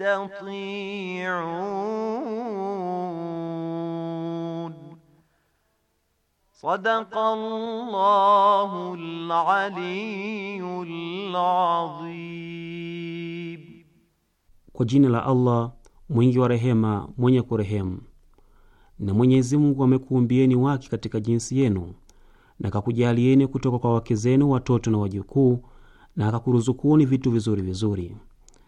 yastati'un. Sadaqallahul aliyyul adhim. Kwa jina la Allah mwingi wa rehema, mwenye kurehemu. Na Mwenyezi Mungu amekuumbieni wake katika jinsi yenu na akakujalieni kutoka kwa wake zenu watoto na wajukuu na akakuruzukuni vitu vizuri vizuri.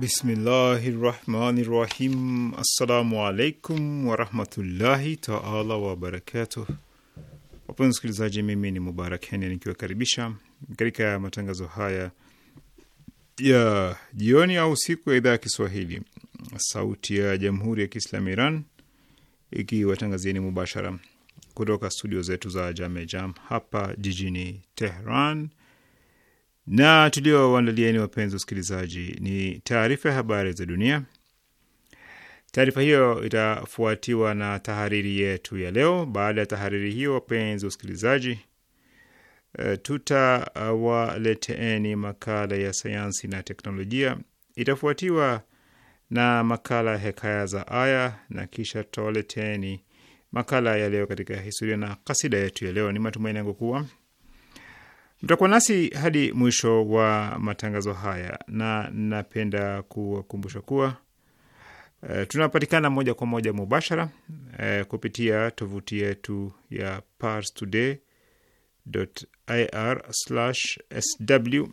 Bismillahi rahmani rahim. Assalamu alaikum warahmatullahi taala wabarakatuh. Wapenzi msikilizaji, mimi ni Mubarak Heni nikiwakaribisha katika matangazo haya ya jioni au siku ya idhaa ya Kiswahili sauti ya jamhuri ya Kiislamu Iran ikiwatangazieni mubashara kutoka studio zetu za Jamejam hapa jijini Tehran na tuliowaandalieni wapenzi wa usikilizaji ni taarifa ya habari za dunia. Taarifa hiyo itafuatiwa na tahariri yetu ya leo. Baada ya tahariri hiyo, wapenzi wa usikilizaji eh, tutawaleteeni makala ya sayansi na teknolojia, itafuatiwa na makala ya hekaya za aya na kisha tutawaleteeni makala ya leo katika historia na kasida yetu ya leo. Ni matumaini yangu kuwa Mtakuwa nasi hadi mwisho wa matangazo haya, na napenda kuwakumbusha kuwa e, tunapatikana moja kwa moja mubashara e, kupitia tovuti yetu ya parstoday.ir/sw,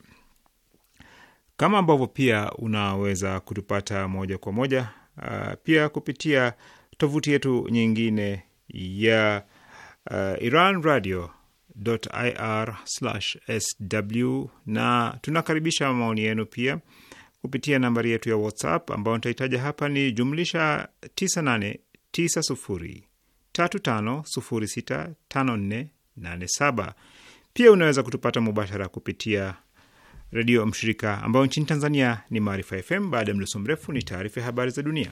kama ambavyo pia unaweza kutupata moja kwa moja uh, pia kupitia tovuti yetu nyingine ya uh, Iran Radio irsw sw na tunakaribisha maoni yenu pia kupitia nambari yetu ya WhatsApp ambayo nitahitaja hapa ni jumlisha 989035065487. Pia unaweza kutupata mubashara kupitia redio mshirika ambayo nchini Tanzania ni Maarifa FM. Baada ya mdoso mrefu, ni taarifa ya habari za dunia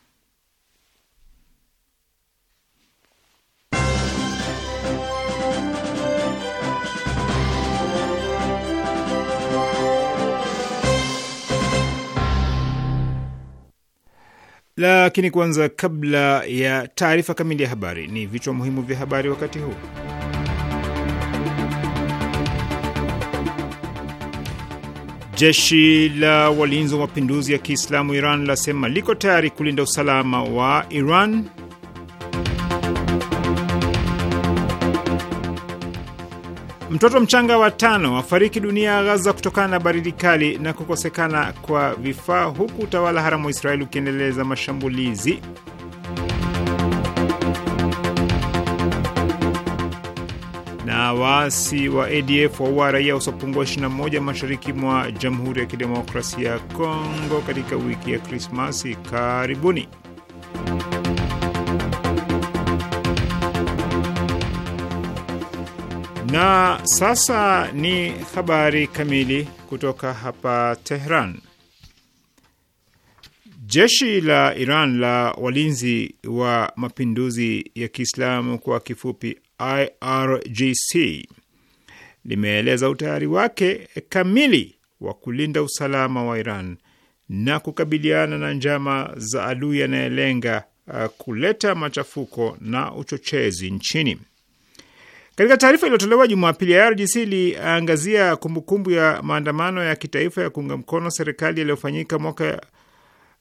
Lakini kwanza, kabla ya taarifa kamili ya habari, ni vichwa muhimu vya habari wakati huu. Jeshi la walinzi wa mapinduzi ya Kiislamu Iran lasema liko tayari kulinda usalama wa Iran Mtoto mchanga wa tano afariki dunia ya Ghaza kutokana na baridi kali na kukosekana kwa vifaa, huku utawala haramu wa Israeli ukiendeleza mashambulizi. Na waasi wa ADF waua raia wasiopungua 21 mashariki mwa Jamhuri ya Kidemokrasia ya Kongo katika wiki ya Krismasi. Karibuni. Na sasa ni habari kamili kutoka hapa Tehran. Jeshi la Iran la walinzi wa mapinduzi ya Kiislamu kwa kifupi IRGC limeeleza utayari wake kamili wa kulinda usalama wa Iran na kukabiliana na njama za adui yanayelenga uh, kuleta machafuko na uchochezi nchini. Katika taarifa iliyotolewa Jumapili, IRGC iliangazia kumbukumbu ya maandamano ya kitaifa ya kuunga mkono serikali yaliyofanyika mwaka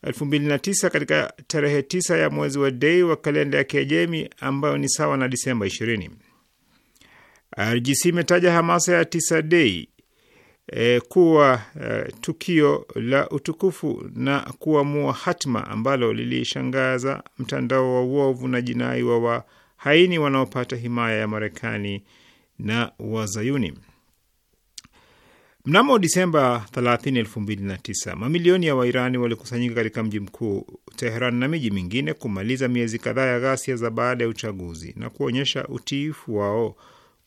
2009 katika tarehe 9 ya mwezi wa Dei wa kalenda ya Kiajemi, ambayo ni sawa na Disemba 20. IRGC imetaja hamasa ya tisa Dei e, kuwa e, tukio la utukufu na kuamua hatima ambalo lilishangaza mtandao wa uovu na jinai wa, wa haini wanaopata himaya ya Marekani na Wazayuni. Mnamo Disemba 30, 2009 mamilioni ya Wairani walikusanyika katika mji mkuu Teheran na miji mingine kumaliza miezi kadhaa ya ghasia za baada ya uchaguzi na kuonyesha utiifu wao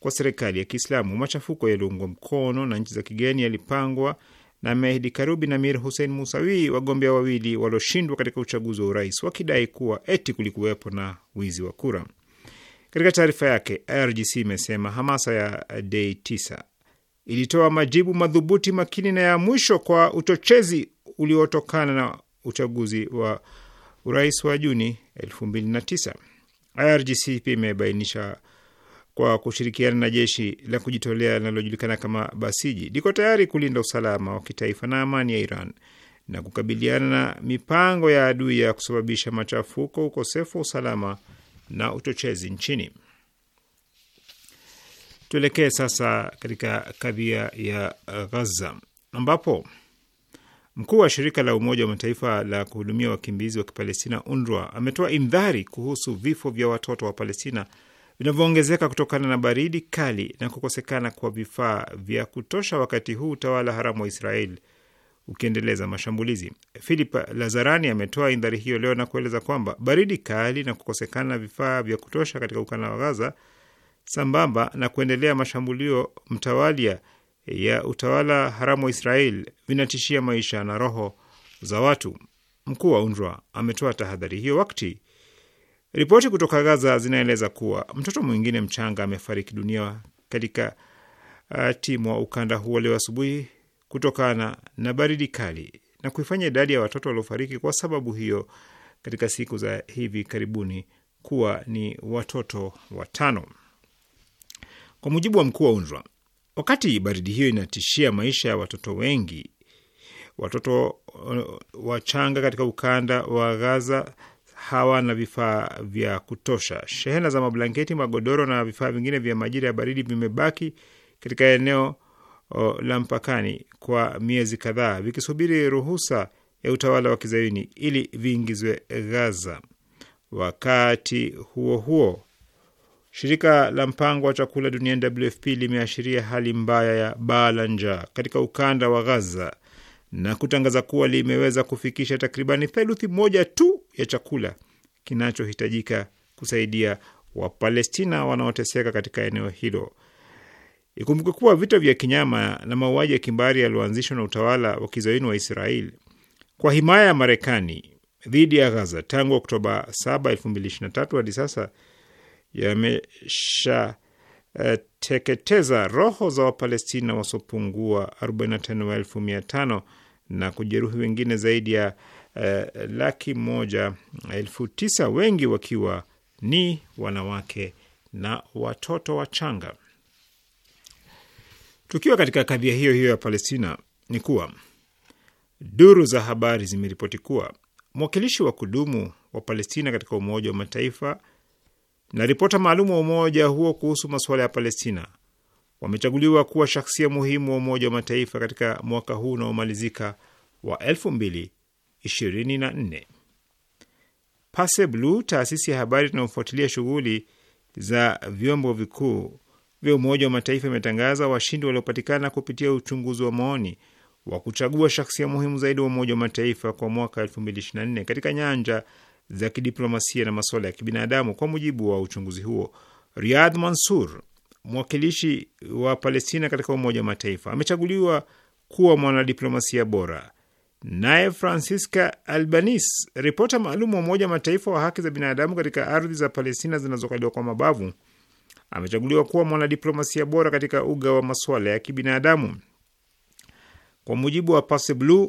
kwa serikali ya Kiislamu. Machafuko yaliungwa mkono na nchi za kigeni yalipangwa na Mehdi Karubi na Mir Hussein Musawi, wagombea wawili walioshindwa katika uchaguzi wa urais, wakidai kuwa eti kulikuwepo na wizi wa kura. Katika taarifa yake, IRGC imesema hamasa ya Dei tisa ilitoa majibu madhubuti, makini na ya mwisho kwa uchochezi uliotokana na uchaguzi wa urais wa Juni 2009. IRGC pia imebainisha kwa kushirikiana na jeshi la kujitolea linalojulikana kama Basiji liko tayari kulinda usalama wa kitaifa na amani ya Iran na kukabiliana na mipango ya adui ya kusababisha machafuko, ukosefu wa usalama na uchochezi nchini. Tuelekee sasa katika kadhia ya Ghaza ambapo mkuu wa shirika la Umoja wa Mataifa la kuhudumia wakimbizi wa Kipalestina, UNRWA, ametoa indhari kuhusu vifo vya watoto wa Palestina vinavyoongezeka kutokana na baridi kali na kukosekana kwa vifaa vya kutosha, wakati huu utawala haramu wa Israeli ukiendeleza mashambulizi. Philip Lazarani ametoa indhari hiyo leo na kueleza kwamba baridi kali na kukosekana vifaa vya kutosha katika ukanda wa Gaza sambamba na kuendelea mashambulio mtawalia ya utawala haramu wa Israel vinatishia maisha na roho za watu. Mkuu wa UNRWA ametoa tahadhari hiyo wakati ripoti kutoka Gaza zinaeleza kuwa mtoto mwingine mchanga amefariki dunia katika uh, timu wa ukanda huo leo asubuhi kutokana na baridi kali na kuifanya idadi ya watoto waliofariki kwa sababu hiyo katika siku za hivi karibuni kuwa ni watoto watano, kwa mujibu wa mkuu wa UNRWA. Wakati baridi hiyo inatishia maisha ya watoto wengi, watoto uh, wachanga katika ukanda wa Gaza hawana vifaa vya kutosha. Shehena za mablanketi, magodoro na vifaa vingine vya majira ya baridi vimebaki katika eneo la mpakani kwa miezi kadhaa vikisubiri ruhusa ya utawala wa kizayuni ili viingizwe Gaza. Wakati huo huo, shirika la mpango wa chakula duniani WFP limeashiria hali mbaya ya baa la njaa katika ukanda wa Gaza na kutangaza kuwa limeweza kufikisha takribani theluthi moja tu ya chakula kinachohitajika kusaidia Wapalestina wanaoteseka katika eneo hilo. Ikumbuke kuwa vita vya kinyama na mauaji ya kimbari yaliyoanzishwa na utawala wa kizaini wa Israeli kwa himaya ya Marekani dhidi ya Gaza tangu Oktoba 7, 2023 hadi sasa yameshateketeza uh, roho za Wapalestina wasiopungua 45,500 na kujeruhi wengine zaidi ya uh, laki moja elfu tisa, wengi wakiwa ni wanawake na watoto wachanga. Tukiwa katika kadhia hiyo hiyo ya Palestina, ni kuwa duru za habari zimeripoti kuwa mwakilishi wa kudumu wa Palestina katika Umoja wa Mataifa na ripota maalum wa umoja huo kuhusu masuala ya Palestina wamechaguliwa kuwa shaksia muhimu wa Umoja wa Mataifa katika mwaka huu unaomalizika wa 2024. Pase Blue, taasisi ya habari inayofuatilia shughuli za vyombo vikuu vya Umoja wa Mataifa imetangaza washindi waliopatikana kupitia uchunguzi wa maoni wa kuchagua shaksia muhimu zaidi wa Umoja wa Mataifa kwa mwaka 2024 katika nyanja za kidiplomasia na masuala ya kibinadamu. Kwa mujibu wa uchunguzi huo, Riyad Mansur, mwakilishi wa Palestina katika Umoja wa Mataifa, amechaguliwa kuwa mwanadiplomasia bora. Naye Francisca Albanese, ripota maalum wa Umoja wa Mataifa wa haki za binadamu katika ardhi za Palestina zinazokaliwa kwa mabavu, amechaguliwa kuwa mwanadiplomasia bora katika uga wa masuala ya kibinadamu. Kwa mujibu wa Pase Blue,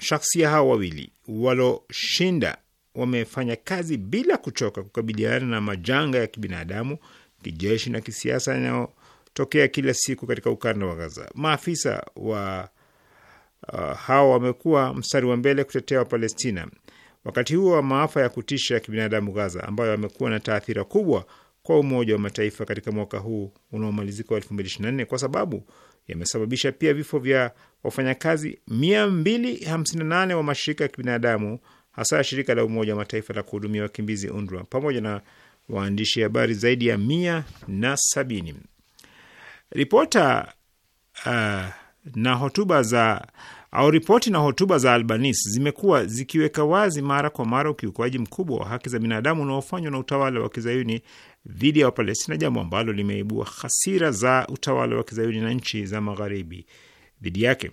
shaksia hao wawili waloshinda wamefanya kazi bila kuchoka kukabiliana na majanga ya kibinadamu, kijeshi na kisiasa yanayotokea kila siku katika ukanda wa Gaza. Maafisa wa uh, hao wamekuwa mstari wa mbele kutetea Wapalestina wakati huo wa maafa ya kutisha ya kibinadamu Gaza, ambayo yamekuwa na taathira kubwa kwa Umoja wa Mataifa katika mwaka huu unaomalizika wa 2024 kwa sababu yamesababisha pia vifo vya wafanyakazi 258 wa mashirika ya kibinadamu hasa shirika la Umoja wa Mataifa la kuhudumia wakimbizi UNRWA pamoja na waandishi habari zaidi ya 170. Ripota uh, na hotuba za au ripoti na hotuba za Albanis zimekuwa zikiweka wazi mara kwa mara ukiukwaji mkubwa wa haki za binadamu unaofanywa na utawala wa kizayuni dhidi ya Wapalestina, jambo ambalo limeibua hasira za utawala wa kizayuni na nchi za magharibi dhidi yake.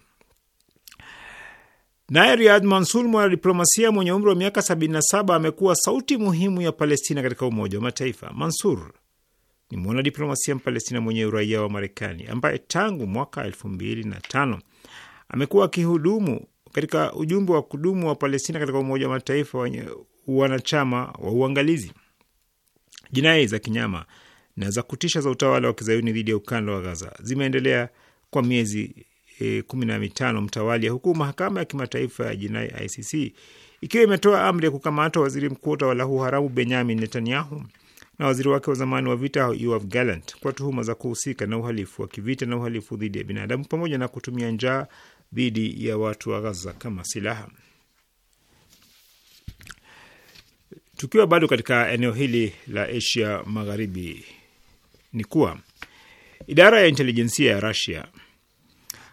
Naye riad mansur mwanadiplomasia mwenye umri wa miaka 77, amekuwa sauti muhimu ya Palestina katika Umoja wa Mataifa. Mansur ni mwanadiplomasia Mpalestina mwenye uraia wa Marekani ambaye tangu mwaka 2005 amekuwa akihudumu katika ujumbe wa kudumu wa Palestina katika Umoja wa Mataifa wenye wanachama wa uangalizi jinai za kinyama na za kutisha za utawala wa kizayuni dhidi ya ukanda wa Gaza zimeendelea kwa miezi e, kumi na mitano mtawalia, huku mahakama ya kimataifa ya jinai ICC ikiwa imetoa amri ya kukamatwa waziri mkuu wa utawala huu haramu Benyamin Netanyahu na waziri wake wa zamani wa vita Yoav Gallant kwa tuhuma za kuhusika na uhalifu wa kivita na uhalifu dhidi ya binadamu pamoja na kutumia njaa dhidi ya watu wa Gaza kama silaha. Tukiwa bado katika eneo hili la Asia Magharibi, ni kuwa idara ya intelijensia ya rasia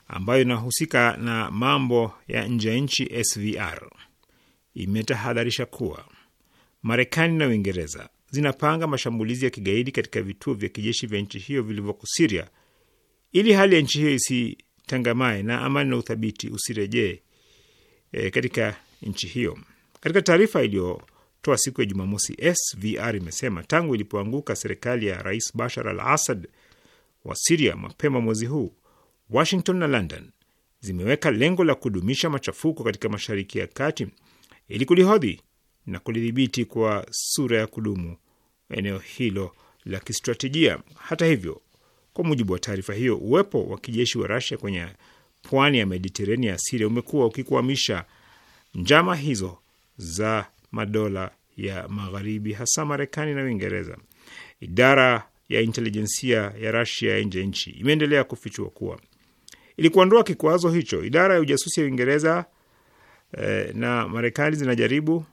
ambayo inahusika na mambo ya nje ya nchi SVR imetahadharisha kuwa Marekani na Uingereza zinapanga mashambulizi ya kigaidi katika vituo vya kijeshi vya nchi hiyo vilivyoko Siria ili hali ya nchi hiyo isitangamae na amani na uthabiti usirejee e, katika nchi hiyo. Katika taarifa iliyo toa siku ya Jumamosi, SVR imesema tangu ilipoanguka serikali ya Rais Bashar al Assad wa Siria mapema mwezi huu, Washington na London zimeweka lengo la kudumisha machafuko katika Mashariki ya Kati ili kulihodhi na kulidhibiti kwa sura ya kudumu eneo hilo la kistratejia. Hata hivyo, kwa mujibu wa taarifa hiyo, uwepo wa kijeshi wa Rasia kwenye pwani ya Mediterania ya Siria umekuwa ukikwamisha njama hizo za madola ya Magharibi, hasa Marekani na Uingereza. Idara ya intelijensia ya Rasia ya nje nchi imeendelea kufichua kuwa ili kuondoa kikwazo hicho, idara ya ujasusi ya Uingereza eh, na Marekani zinajaribu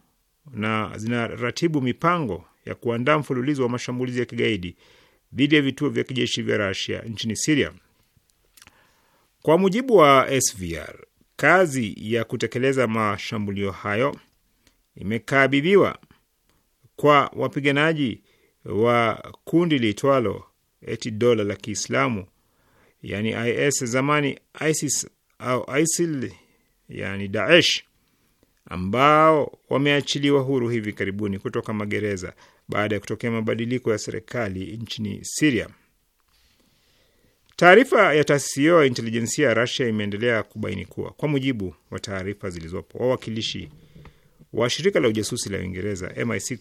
na zinaratibu mipango ya kuandaa mfululizo wa mashambulizi ya kigaidi dhidi ya vituo vya kijeshi vya Rasia nchini Siria. Kwa mujibu wa SVR, kazi ya kutekeleza mashambulio hayo imekabidhiwa kwa wapiganaji wa kundi liitwalo eti dola la Kiislamu yani IS zamani ISIS au ISIL yani Daesh ambao wameachiliwa huru hivi karibuni kutoka magereza baada ya kutokea mabadiliko ya serikali nchini Siria. Taarifa ya taasisi hiyo ya intelijensia ya Rasia imeendelea kubaini kuwa kwa mujibu wa taarifa zilizopo, wawakilishi wa shirika la ujasusi la Uingereza MI6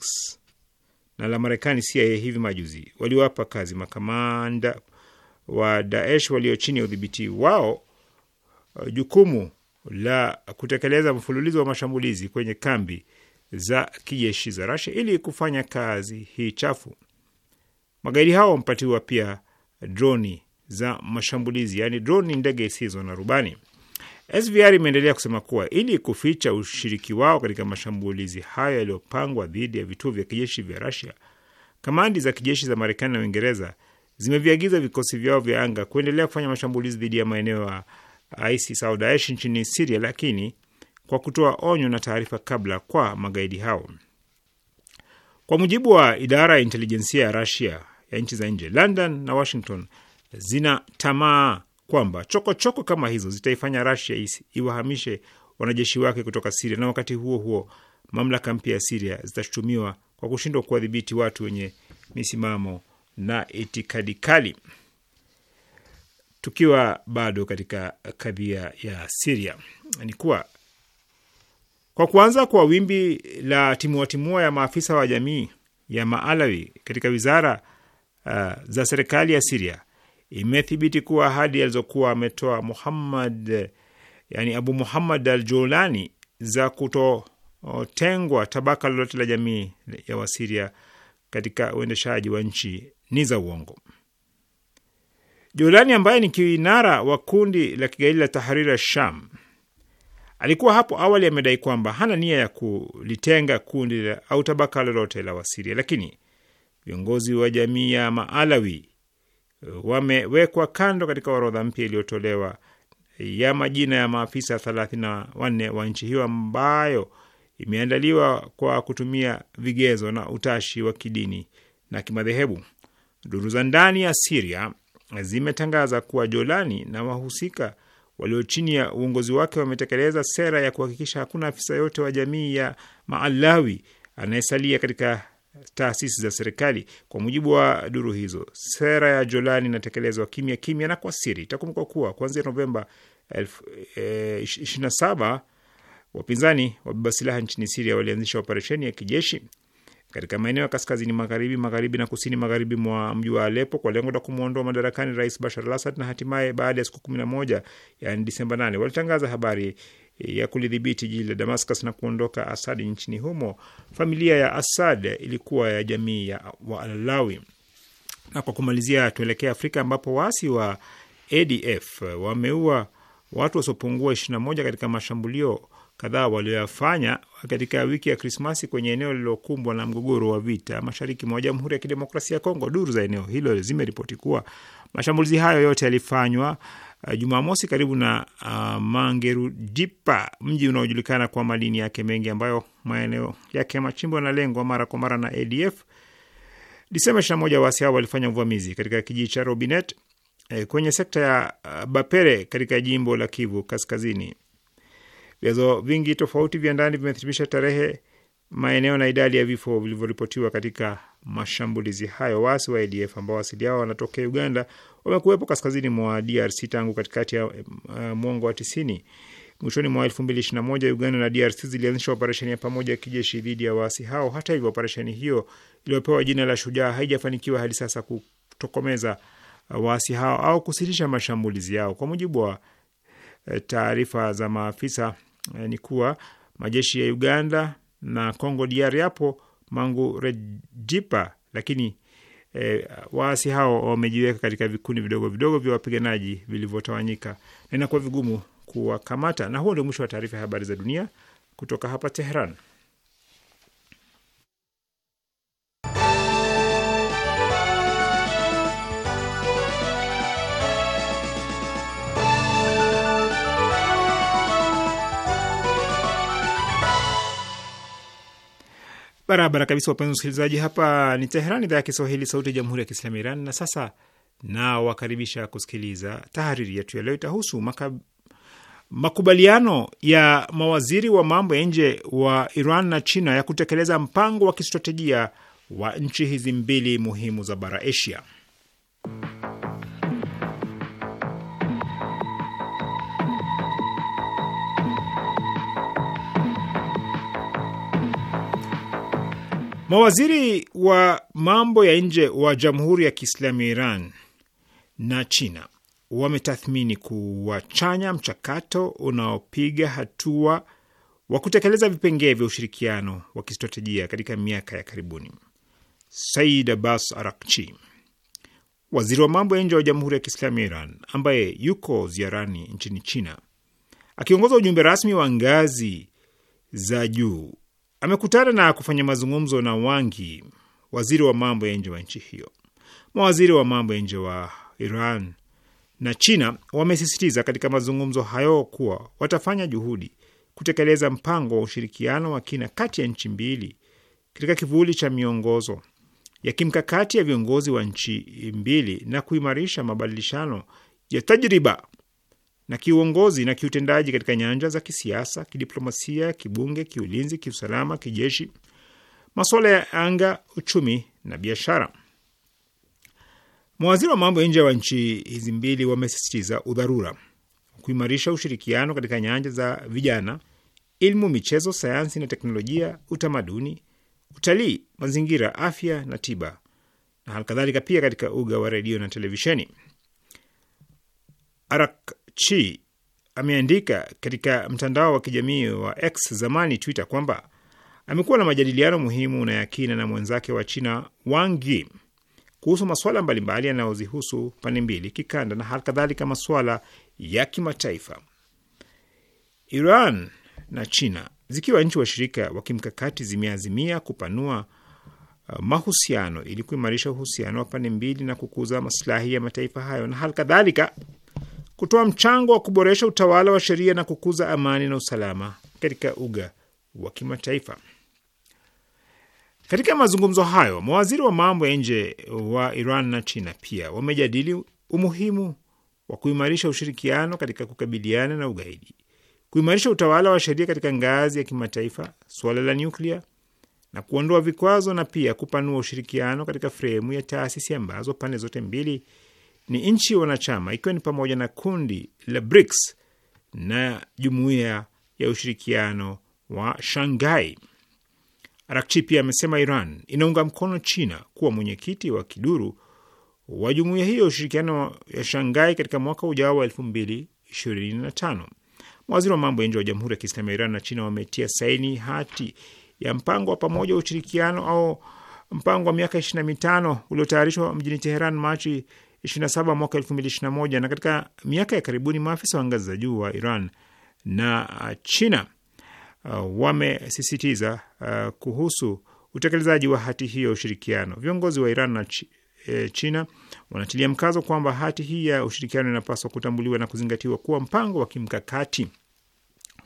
na la Marekani CIA hivi majuzi waliwapa kazi makamanda wa Daesh walio chini ya udhibiti wao uh, jukumu la kutekeleza mfululizo wa mashambulizi kwenye kambi za kijeshi za Russia ili kufanya kazi hii chafu. Magaidi hao wamepatiwa pia droni za mashambulizi, yaani droni ni ndege isizo na rubani. SVR imeendelea kusema kuwa ili kuficha ushiriki wao katika mashambulizi hayo yaliyopangwa dhidi ya vituo vya kijeshi vya Rusia, kamandi za kijeshi za Marekani na Uingereza zimeviagiza vikosi vyao vya anga kuendelea kufanya mashambulizi dhidi ya maeneo ya ISIS au Daesh nchini Siria, lakini kwa kutoa onyo na taarifa kabla kwa magaidi hao. Kwa mujibu wa idara ya intelijensia ya Rusia ya nchi za nje, London na Washington zina tamaa kwamba chokochoko choko kama hizo zitaifanya Rasia iwahamishe wanajeshi wake kutoka Siria, na wakati huo huo mamlaka mpya ya Siria zitashutumiwa kwa kushindwa kuwadhibiti watu wenye misimamo na itikadi kali. Tukiwa bado katika kadhia ya Siria, ni kuwa kwa kuanza kwa wimbi la timuatimua ya maafisa wa jamii ya Maalawi katika wizara uh, za serikali ya Siria imethibiti kuwa ahadi alizokuwa ametoa Muhammad, yani Abu Muhammad al Julani za kutotengwa tabaka lolote la jamii ya Wasiria katika uendeshaji wa nchi ni za uongo. Julani ambaye ni kinara wa kundi la kigaidi la Taharira Sham alikuwa hapo awali amedai kwamba hana nia ya kulitenga kundi au tabaka lolote la Wasiria, lakini viongozi wa jamii ya Maalawi wamewekwa kando katika orodha mpya iliyotolewa ya majina ya maafisa thelathini na wanne wa nchi hiyo ambayo imeandaliwa kwa kutumia vigezo na utashi wa kidini na kimadhehebu. Duru za ndani ya Siria zimetangaza kuwa Jolani na wahusika walio chini ya uongozi wake wametekeleza sera ya kuhakikisha hakuna afisa yote wa jamii ya Maalawi anayesalia katika taasisi za serikali. Kwa mujibu wa duru hizo, sera ya Jolani inatekelezwa kimya kimya na kwa siri. Itakumbukwa kuwa kuanzia Novemba 27 e, wapinzani wabeba silaha nchini Siria walianzisha operesheni ya kijeshi katika maeneo ya kaskazini magharibi, magharibi na kusini magharibi mwa mji wa Alepo kwa lengo la kumwondoa madarakani Rais Bashar al Assad, na hatimaye baada ya siku 11 yani Disemba 8 walitangaza habari ya kulidhibiti jiji la Damascus na kuondoka Asad nchini humo. Familia ya Asad ilikuwa ya jamii ya Waalawi. Na kwa kumalizia, tuelekea Afrika ambapo waasi wa ADF wameua watu wasiopungua 21 katika mashambulio kadhaa walioyafanya katika wiki ya Krismasi kwenye eneo lililokumbwa na mgogoro wa vita mashariki mwa Jamhuri ya Kidemokrasia ya Kongo. Duru za eneo hilo zimeripoti kuwa mashambulizi hayo yote yalifanywa Uh, Jumamosi karibu na uh, Mangerujipa, mji unaojulikana kwa madini yake mengi ambayo maeneo yake ya machimbo yanalengwa mara kwa mara na ADF. Disemba 21 waasi hao walifanya uvamizi katika kijiji cha Robinet eh, kwenye sekta ya uh, Bapere katika jimbo la Kivu Kaskazini. Vyanzo vingi tofauti vya ndani vimethibitisha tarehe maeneo na idadi ya vifo vilivyoripotiwa katika mashambulizi hayo. Waasi wa ADF ambao asili yao wanatokea Uganda wamekuwepo kaskazini mwa DRC tangu katikati ya uh, mwongo wa tisini. Mwishoni mwa 2021 Uganda na DRC zilianzisha operesheni ya pamoja ya kijeshi dhidi ya waasi hao. Hata hivyo, operesheni hiyo iliyopewa jina la Shujaa haijafanikiwa hadi sasa kutokomeza eh, waasi hao au kusitisha mashambulizi yao. Kwa mujibu wa eh, taarifa za maafisa, ni kuwa majeshi ya Uganda na Kongo DR yapo Mangurejipa, lakini e, waasi hao wamejiweka katika vikundi vidogo vidogo vya wapiganaji vilivyotawanyika na inakuwa vigumu kuwakamata. Na huo ndio mwisho wa taarifa ya habari za dunia kutoka hapa Tehran. Barabara kabisa, wapenzi wasikilizaji, hapa ni Teheran, idhaa ya Kiswahili, sauti ya jamhuri ya kiislamu ya Iran. Na sasa nawakaribisha kusikiliza tahariri yetu ya leo. Itahusu makubaliano ya mawaziri wa mambo ya nje wa Iran na China ya kutekeleza mpango wa kistratejia wa nchi hizi mbili muhimu za bara Asia. Mawaziri wa mambo ya nje wa Jamhuri ya Kiislamu ya Iran na China wametathmini kuwachanya mchakato unaopiga hatua wa kutekeleza vipengee vya ushirikiano wa kistratejia katika miaka ya karibuni. Said Abbas Arakchi, waziri wa mambo ya nje wa Jamhuri ya Kiislamu ya Iran ambaye yuko ziarani nchini China akiongoza ujumbe rasmi wa ngazi za juu amekutana na kufanya mazungumzo na Wangi, waziri wa mambo ya nje wa nchi hiyo. Mawaziri wa mambo ya nje wa Iran na China wamesisitiza katika mazungumzo hayo kuwa watafanya juhudi kutekeleza mpango wa ushirikiano wa kina kati ya nchi mbili katika kivuli cha miongozo ya kimkakati ya viongozi wa nchi mbili na kuimarisha mabadilishano ya tajriba na kiuongozi na kiutendaji katika nyanja za kisiasa, kidiplomasia, kibunge, kiulinzi, kiusalama, kijeshi, masuala ya anga, uchumi na biashara. Mawaziri wa mambo ya nje wa nchi hizi mbili wamesisitiza udharura kuimarisha ushirikiano katika nyanja za vijana, ilmu michezo, sayansi na teknolojia, utamaduni, utalii, mazingira, afya na tiba na halikadhalika pia katika uga wa redio na televisheni. Arak Chi ameandika katika mtandao wa kijamii wa X zamani Twitter kwamba amekuwa na majadiliano muhimu na yakina na mwenzake wa China Wang Yi kuhusu masuala mbalimbali yanayozihusu pande mbili, kikanda na hali kadhalika masuala ya kimataifa. Iran na China zikiwa nchi washirika wa kimkakati zimeazimia kupanua uh, mahusiano ili kuimarisha uhusiano wa pande mbili na kukuza maslahi ya mataifa hayo, na hali kadhalika kutoa mchango wa kuboresha utawala wa sheria na kukuza amani na usalama katika uga wa kimataifa. Katika mazungumzo hayo, mawaziri wa mambo ya nje wa Iran na China pia wamejadili umuhimu wa kuimarisha ushirikiano katika kukabiliana na ugaidi, kuimarisha utawala wa sheria katika ngazi ya kimataifa, suala la nyuklia na kuondoa vikwazo, na pia kupanua ushirikiano katika fremu ya taasisi ambazo pande zote mbili ni nchi wanachama ikiwa ni pamoja na kundi la BRICS na jumuiya ya ushirikiano wa Shanghai. Arakchi pia amesema Iran inaunga mkono China kuwa mwenyekiti wa kiduru wa jumuiya hiyo ya ushirikiano ya Shanghai katika mwaka ujao wa 2025. Mawaziri wa mambo ya nje wa Jamhuri ya Kiislamu ya Iran na China wametia saini hati ya mpango wa pamoja wa ushirikiano au mpango wa miaka 25 uliotayarishwa mjini Teheran Machi 27 mwaka 2021 na katika miaka ya karibuni maafisa wa ngazi za juu wa Iran na uh, China uh, wamesisitiza uh, kuhusu utekelezaji wa hati hiyo ya ushirikiano. Viongozi wa Iran na ch e, eh, China wanatilia mkazo kwamba hati hii ya ushirikiano inapaswa kutambuliwa na kuzingatiwa kuwa mpango wa kimkakati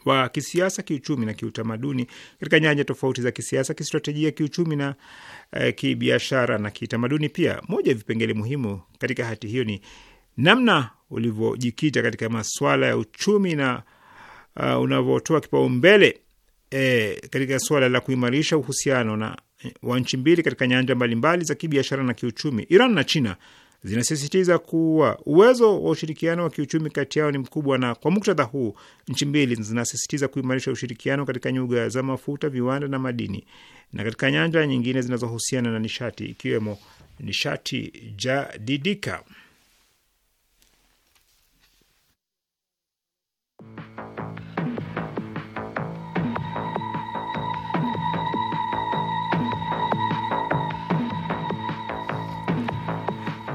wa kisiasa, kiuchumi na kiutamaduni katika nyanja tofauti za kisiasa, kistratejia, kiuchumi na e, kibiashara na kitamaduni. Pia moja ya vipengele muhimu katika hati hiyo ni namna ulivyojikita katika masuala ya uchumi na uh, unavyotoa kipaumbele eh, katika suala la kuimarisha uhusiano na eh, wa nchi mbili katika nyanja mbalimbali za kibiashara na kiuchumi. Iran na China zinasisitiza kuwa uwezo wa ushirikiano wa kiuchumi kati yao ni mkubwa, na kwa muktadha huu nchi mbili zinasisitiza kuimarisha ushirikiano katika nyuga za mafuta, viwanda na madini na katika nyanja nyingine zinazohusiana na nishati ikiwemo nishati jadidika.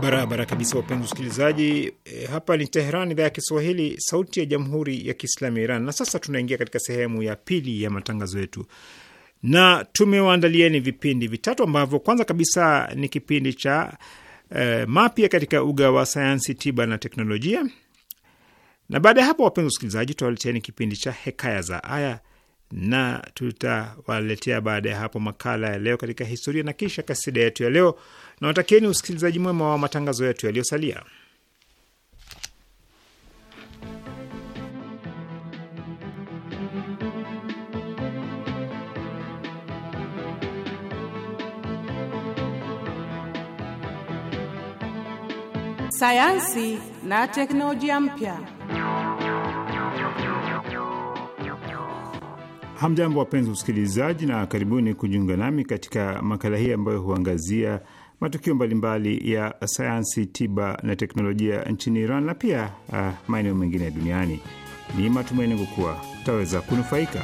Barabara kabisa, wapenzi usikilizaji E, hapa ni Teheran, idhaa ya Kiswahili, sauti ya jamhuri ya kiislamu ya Iran. Na sasa tunaingia katika sehemu ya pili ya matangazo yetu, na tumewaandalieni vipindi vitatu ambavyo kwanza kabisa ni kipindi cha e, mapya katika uga wa sayansi, tiba na teknolojia, na baada ya hapo, wapenzi usikilizaji tutawaleteeni kipindi cha hekaya za aya na tutawaletea baada ya hapo makala ya leo katika historia na kisha kasida yetu ya leo, na usikilizaji mwema wa matangazo yetu yaliyosalia. Sayansi na teknolojia mpya. Hamjambo, wapenzi usikilizaji, na karibuni kujiunga nami katika makala hii ambayo huangazia matukio mbalimbali ya sayansi, tiba na teknolojia nchini Iran na pia uh, maeneo mengine duniani. Ni matumaini yangu kuwa utaweza kunufaika.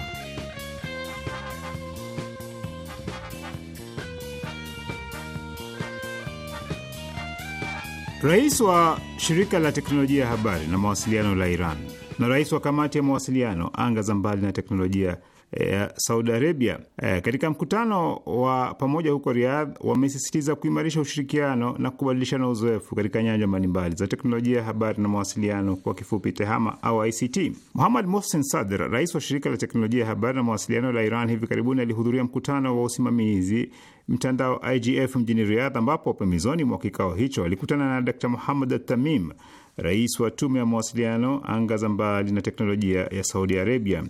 Rais wa shirika la teknolojia ya habari na mawasiliano la Iran na rais wa kamati ya mawasiliano, anga za mbali na teknolojia ya eh, Saudi Arabia. E, katika mkutano wa pamoja huko Riyadh wamesisitiza kuimarisha ushirikiano na kubadilishana uzoefu katika nyanja mbalimbali za teknolojia ya habari na mawasiliano, kwa kifupi TEHAMA au ICT. Muhammad Mohsen Sadr, rais wa shirika la teknolojia ya habari na mawasiliano la Iran, hivi karibuni alihudhuria mkutano wa usimamizi mtandao IGF mjini Riyadh, ambapo pembezoni mwa kikao hicho alikutana na Dr Muhammad Atamim, rais wa tume ya mawasiliano anga za mbali na teknolojia ya Saudi Arabia.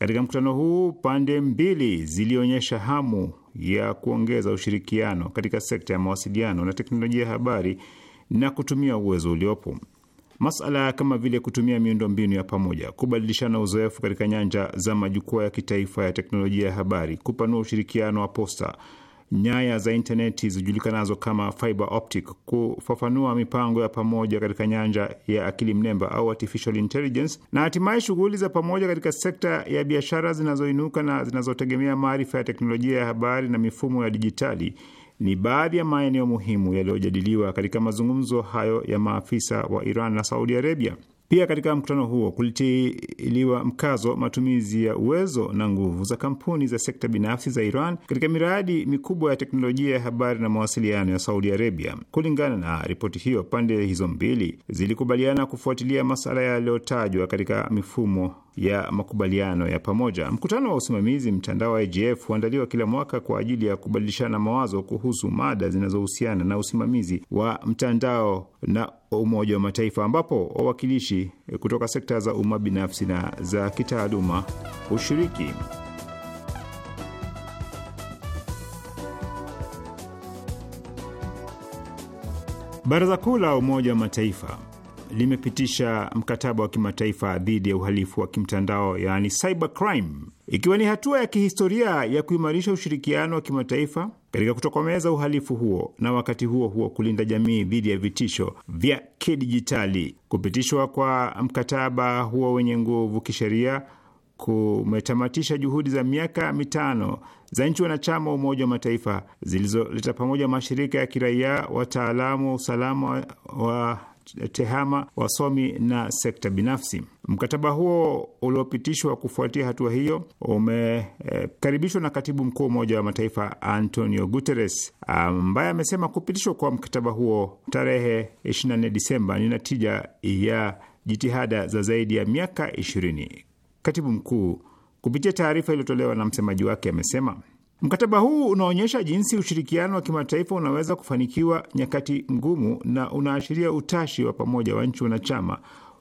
Katika mkutano huu pande mbili zilionyesha hamu ya kuongeza ushirikiano katika sekta ya mawasiliano na teknolojia ya habari na kutumia uwezo uliopo. Masala kama vile kutumia miundombinu ya pamoja, kubadilishana uzoefu katika nyanja za majukwaa ya kitaifa ya teknolojia ya habari, kupanua ushirikiano wa posta nyaya za intaneti zijulikanazo kama fiber optic, kufafanua mipango ya pamoja katika nyanja ya akili mnemba au artificial intelligence, na hatimaye shughuli za pamoja katika sekta ya biashara zinazoinuka na zinazotegemea maarifa ya teknolojia ya habari na mifumo ya dijitali ni baadhi ya maeneo muhimu yaliyojadiliwa katika mazungumzo hayo ya maafisa wa Iran na Saudi Arabia. Pia katika mkutano huo kulitiliwa mkazo matumizi ya uwezo na nguvu za kampuni za sekta binafsi za Iran katika miradi mikubwa ya teknolojia ya habari na mawasiliano ya Saudi Arabia. Kulingana na ripoti hiyo, pande hizo mbili zilikubaliana kufuatilia masala yaliyotajwa katika mifumo ya makubaliano ya pamoja. Mkutano wa usimamizi mtandao wa IGF huandaliwa kila mwaka kwa ajili ya kubadilishana mawazo kuhusu mada zinazohusiana na usimamizi wa mtandao na Umoja wa Mataifa, ambapo wawakilishi kutoka sekta za umma binafsi na za kitaaluma hushiriki. Baraza Kuu la Umoja wa Mataifa limepitisha mkataba wa kimataifa dhidi ya uhalifu wa kimtandao yaani cybercrime, ikiwa ni hatua ya kihistoria ya kuimarisha ushirikiano wa kimataifa katika kutokomeza uhalifu huo na wakati huo huo kulinda jamii dhidi ya vitisho vya kidijitali. Kupitishwa kwa mkataba huo wenye nguvu kisheria kumetamatisha juhudi za miaka mitano za nchi wanachama wa Umoja wa Mataifa zilizoleta pamoja mashirika ya kiraia, wataalamu wa usalama wa tehama, wasomi na sekta binafsi. Mkataba huo uliopitishwa kufuatia hatua hiyo umekaribishwa e, na katibu mkuu wa Umoja wa Mataifa Antonio Guterres ambaye amesema kupitishwa kwa mkataba huo tarehe 24 Disemba ni natija ya jitihada za zaidi ya miaka 20. Katibu mkuu kupitia taarifa iliyotolewa na msemaji wake amesema Mkataba huu unaonyesha jinsi ushirikiano wa kimataifa unaweza kufanikiwa nyakati ngumu na unaashiria utashi wa pamoja wa nchi wanachama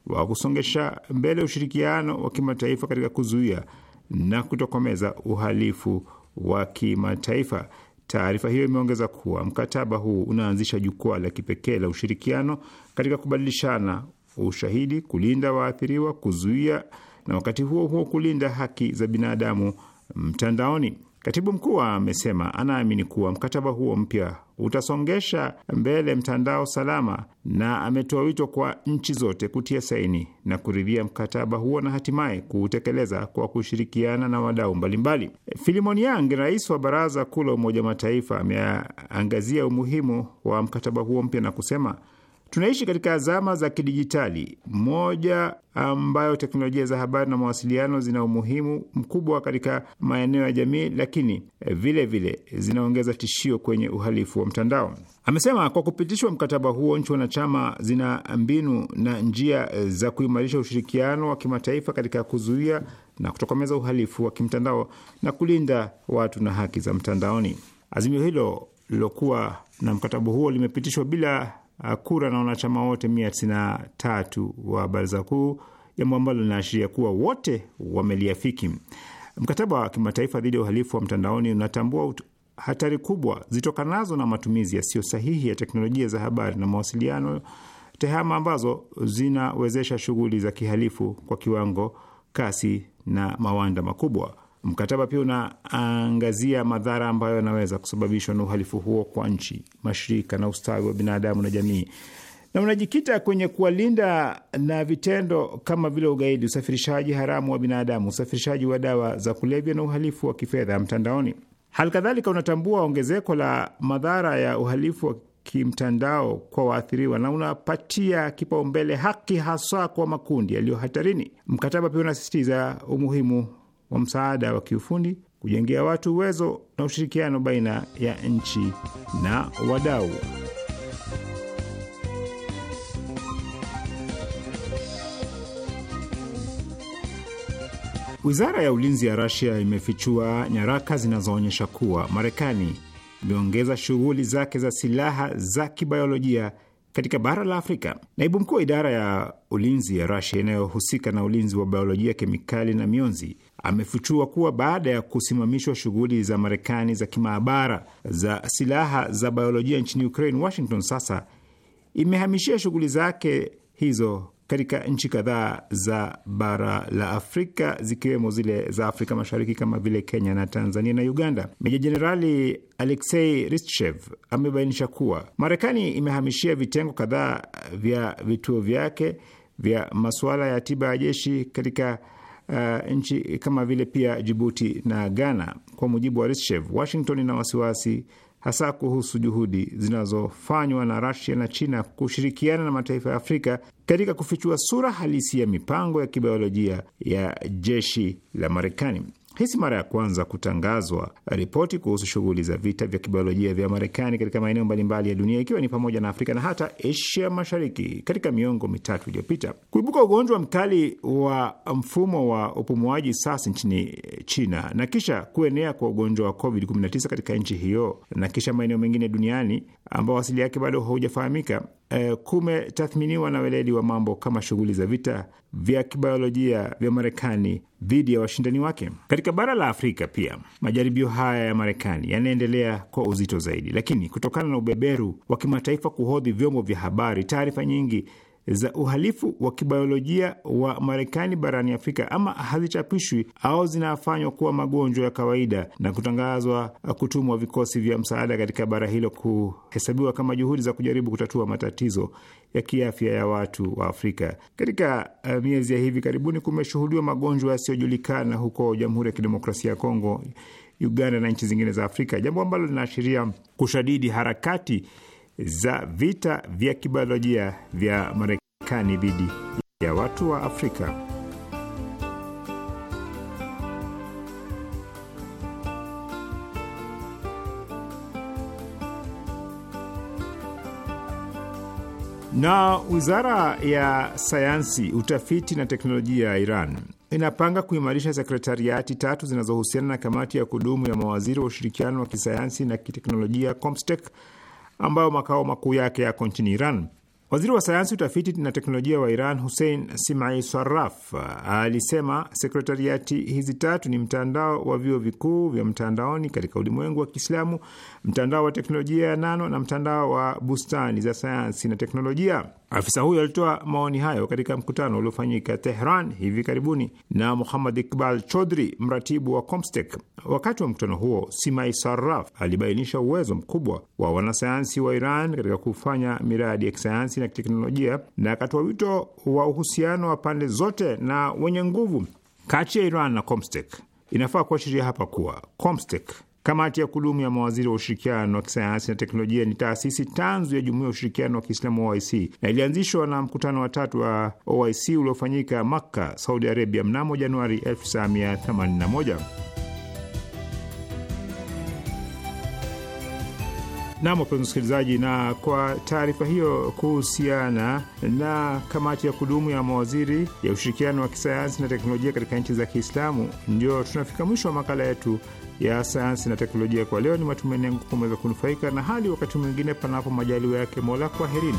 wa kusongesha mbele ushirikiano wa kimataifa katika kuzuia na kutokomeza uhalifu wa kimataifa. Taarifa hiyo imeongeza kuwa mkataba huu unaanzisha jukwaa la kipekee la ushirikiano katika kubadilishana ushahidi, kulinda waathiriwa, kuzuia na wakati huo huo kulinda haki za binadamu mtandaoni. Katibu mkuu amesema anaamini kuwa mkataba huo mpya utasongesha mbele mtandao salama, na ametoa wito kwa nchi zote kutia saini na kuridhia mkataba huo na hatimaye kuutekeleza kwa kushirikiana na wadau mbalimbali. Filimon Yang, rais wa Baraza Kuu la Umoja wa Mataifa, ameangazia umuhimu wa mkataba huo mpya na kusema Tunaishi katika zama za kidijitali, moja ambayo teknolojia za habari na mawasiliano zina umuhimu mkubwa katika maeneo ya jamii, lakini vile vile zinaongeza tishio kwenye uhalifu wa mtandao. Amesema kwa kupitishwa mkataba huo, nchi wanachama zina mbinu na njia za kuimarisha ushirikiano wa kimataifa katika kuzuia na kutokomeza uhalifu wa kimtandao na kulinda watu na haki za mtandaoni. Azimio hilo lilokuwa na mkataba huo limepitishwa bila Uh, kura na wanachama wote 193 wa baraza kuu, jambo ambalo linaashiria kuwa wote wameliafiki. Mkataba wa kimataifa dhidi ya uhalifu wa mtandaoni unatambua hatari kubwa zitokanazo na matumizi yasiyo sahihi ya teknolojia za habari na mawasiliano, tehama ambazo zinawezesha shughuli za kihalifu kwa kiwango, kasi na mawanda makubwa. Mkataba pia unaangazia madhara ambayo yanaweza kusababishwa na uhalifu huo kwa nchi, mashirika na ustawi wa binadamu na jamii, na unajikita kwenye kuwalinda na vitendo kama vile ugaidi, usafirishaji haramu wa binadamu, usafirishaji wa dawa za kulevya na uhalifu wa kifedha mtandaoni. Hali kadhalika unatambua ongezeko la madhara ya uhalifu wa kimtandao kwa waathiriwa na unapatia kipaumbele haki, haswa kwa makundi yaliyo hatarini. Mkataba pia unasisitiza umuhimu wa msaada wa kiufundi, kujengea watu uwezo na ushirikiano baina ya nchi na wadau. Wizara ya ulinzi ya Rasia imefichua nyaraka zinazoonyesha kuwa Marekani imeongeza shughuli zake za silaha za kibayolojia katika bara la Afrika. Naibu mkuu wa idara ya ulinzi ya Rasia inayohusika na ulinzi wa biolojia, kemikali na mionzi amefichua kuwa baada ya kusimamishwa shughuli za Marekani za kimaabara za silaha za biolojia nchini Ukraine, Washington sasa imehamishia shughuli zake hizo katika nchi kadhaa za bara la Afrika zikiwemo zile za Afrika Mashariki kama vile Kenya na Tanzania na Uganda. Meja Jenerali Alexei Ristchev amebainisha kuwa Marekani imehamishia vitengo kadhaa vya vituo vyake vya masuala ya tiba ya jeshi katika uh, nchi kama vile pia Jibuti na Ghana. Kwa mujibu wa Rischev, Washington ina wasiwasi hasa kuhusu juhudi zinazofanywa na Rasia na China kushirikiana na mataifa ya Afrika katika kufichua sura halisi ya mipango ya kibiolojia ya jeshi la Marekani. Hii si mara ya kwanza kutangazwa ripoti kuhusu shughuli za vita vya kibiolojia vya Marekani katika maeneo mbalimbali ya dunia ikiwa ni pamoja na Afrika na hata Asia Mashariki katika miongo mitatu iliyopita. Kuibuka ugonjwa mkali wa mfumo wa upumuaji SARS nchini China na kisha kuenea kwa ugonjwa wa COVID-19 katika nchi hiyo na kisha maeneo mengine duniani ambao asili yake bado haujafahamika eh, kumetathminiwa na weledi wa mambo kama shughuli za vita vya kibiolojia vya Marekani dhidi ya washindani wake katika bara la Afrika. Pia majaribio haya ya Marekani yanaendelea kwa uzito zaidi, lakini kutokana na ubeberu wa kimataifa kuhodhi vyombo vya habari, taarifa nyingi za uhalifu wa kibiolojia wa Marekani barani Afrika ama hazichapishwi au zinafanywa kuwa magonjwa ya kawaida na kutangazwa uh, kutumwa vikosi vya msaada katika bara hilo kuhesabiwa kama juhudi za kujaribu kutatua matatizo ya kiafya ya watu wa Afrika. Katika uh, miezi ya hivi karibuni kumeshuhudiwa magonjwa yasiyojulikana huko Jamhuri ya Kidemokrasia ya Kongo, Uganda na nchi zingine za Afrika, jambo ambalo linaashiria kushadidi harakati za vita vya kibiolojia vya Marekani dhidi ya watu wa Afrika. Na wizara ya sayansi, utafiti na teknolojia ya Iran inapanga kuimarisha sekretariati tatu zinazohusiana na kamati ya kudumu ya mawaziri wa ushirikiano wa kisayansi na kiteknolojia COMSTECH ambayo makao makuu yake yako nchini Iran. Waziri wa sayansi, utafiti na teknolojia wa Iran, Hussein Simai Saraf, alisema sekretariati hizi tatu ni mtandao wa vyuo vikuu vya mtandaoni katika ulimwengu wa Kiislamu mtandao wa teknolojia ya nano na mtandao wa bustani za sayansi na teknolojia. Afisa huyo alitoa maoni hayo katika mkutano uliofanyika Tehran hivi karibuni na Muhammad Iqbal Chodri, mratibu wa Comstek. Wakati wa mkutano huo, Simai Sarraf alibainisha uwezo mkubwa wa wanasayansi wa Iran katika kufanya miradi ya kisayansi na kiteknolojia na akatoa wito wa uhusiano wa pande zote na wenye nguvu kati ya Iran na Comstek. Inafaa kuashiria hapa kuwa Comstek Kamati ya kudumu ya mawaziri wa ushirikiano wa kisayansi na teknolojia ni taasisi tanzu ya jumuiya ya ushirikiano wa Kiislamu wa OIC na ilianzishwa na mkutano wa tatu wa OIC uliofanyika Makka, Saudi Arabia mnamo Januari 1981. Nam, wapenzi msikilizaji, na kwa taarifa hiyo kuhusiana na kamati ya kudumu ya mawaziri ya ushirikiano wa kisayansi na teknolojia katika nchi za Kiislamu, ndio tunafika mwisho wa makala yetu ya sayansi na teknolojia kwa leo. Ni matumaini yangu kuwa umeweza kunufaika, na hali wakati mwingine, panapo majaliwa yake Mola, kwaherini.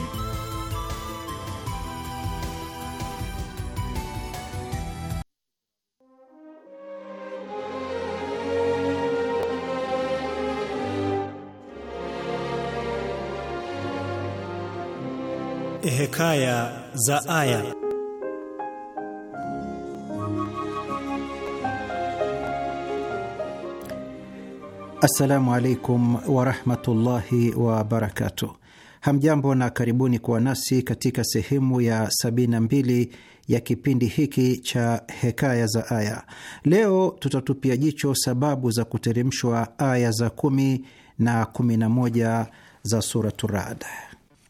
Hekaya za Aya. Assalamu alaikum warahmatullahi wabarakatu Hamjambo na karibuni kuwa nasi katika sehemu ya 72 ya kipindi hiki cha Hekaya za Aya. Leo tutatupia jicho sababu za kuteremshwa aya za 10 na 11 za Suratu